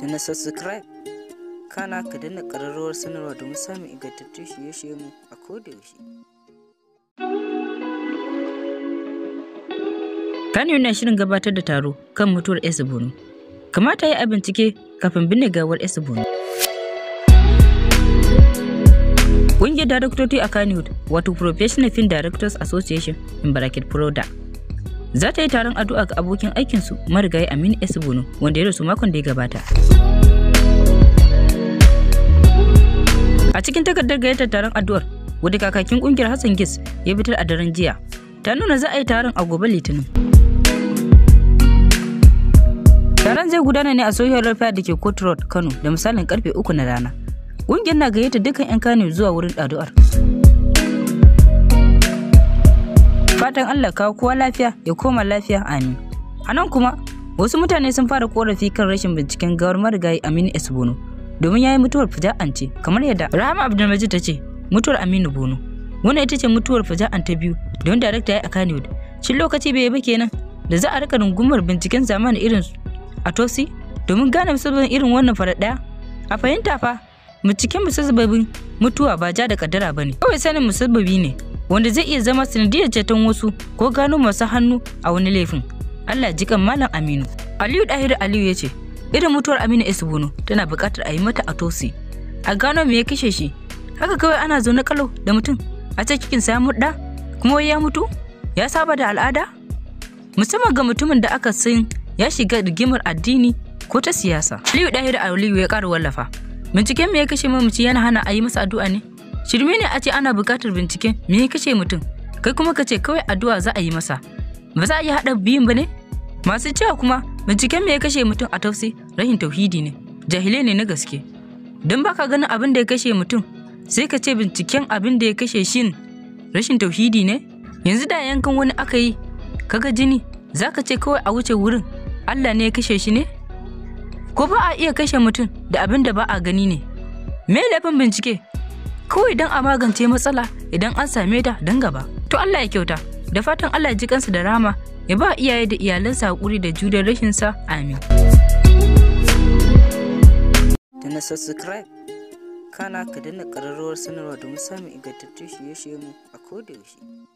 da na subscribe kana ka dana kararrawar sanarwa domin samun ingantattun shirye-shirye mu a kodayaushe. Kano yana shirin gabatar da taro kan mutuwar Esa Bono. Kamata ya yi bincike kafin binne gawar Esa Bono. Ƙungiyar Daraktoci a Kannywood, wato Professional Film Directors Association in bracket Proda, za ta yi taron addu'a ga abokin aikinsu marigayi Aminu Esibono wanda ya rasu makon da ya gabata. A cikin takardar gayyatar taron addu'ar, wadda kakakin kungiyar Hassan Gis ya fitar a daren jiya, ta nuna za a yi taron a gobe Litinin. Taron zai gudana ne a Sohiyar Lafiya da ke Court Road, Kano da misalin karfe uku na rana. Ƙungiyar na gayyata dukkan 'yan Kano zuwa wurin addu'ar. fatan Allah kawo kowa lafiya ya koma lafiya amin. A nan kuma wasu mutane sun fara korafi kan rashin binciken gawar marigayi Aminu S. Bono domin ya yi mutuwar fija'ance kamar yadda Rahama Abdulmajid ta ce mutuwar Aminu Bono. Wannan ita ce mutuwar fija'an ta biyu don darakta ya yi a Kanewood. Shin lokaci bai yi ba kenan da za a rika rungumar binciken zamani irin a tosi domin gane misalin irin wannan ɗaya? A fahimta fa, binciken musabbabin mutuwa ba ja da kaddara ba ne, kawai sanin musabbabi ne wanda zai iya zama sanadiyar ceton wasu ko gano masu hannu a wani laifin. Allah jikan Malam Aminu. Aliyu Dahiru Aliyu ya ce, irin mutuwar Aminu Esbono tana buƙatar a yi mata a tosi. A gano me ya kashe shi. Haka kawai ana zaune kalo da mutum. A ce cikin sa ya kuma wai ya mutu? Ya saba da al'ada? Musamman ga mutumin da aka san ya shiga rigimar addini ko ta siyasa. Aliyu Dahiru Aliyu ya ƙara wallafa. Binciken me ya kashe mamaci yana hana a yi masa addu'a ne? Shirme ne a ce ana buƙatar binciken me ya kashe mutum, kai kuma ka ce kawai addu'a za a yi masa. Ba za a yi haɗa biyun ba ne? Masu cewa kuma binciken me ya kashe mutum a tausi rahin tauhidi ne, jahilai ne na gaske. Don baka ganin abin da ya kashe mutum, sai ka ce binciken abin da ya kashe shin rashin tauhidi ne? Yanzu da yankan wani aka yi, kaga jini, za ka ce kawai a wuce wurin, Allah ne ya kashe shi ne? Ko ba a iya kashe mutum da abin da ba a gani ne? Me laifin bincike? kawai don a magance matsala idan an same ta don gaba to Allah ya kyauta da fatan Allah ji kansa da rama ya ba iyaye da iyalansa hakuri da judar rashin sa amin da na subscribe kana ka dana ƙararrawar sanarwa domin samun ingantattun shirye-shirye mu a koda yaushe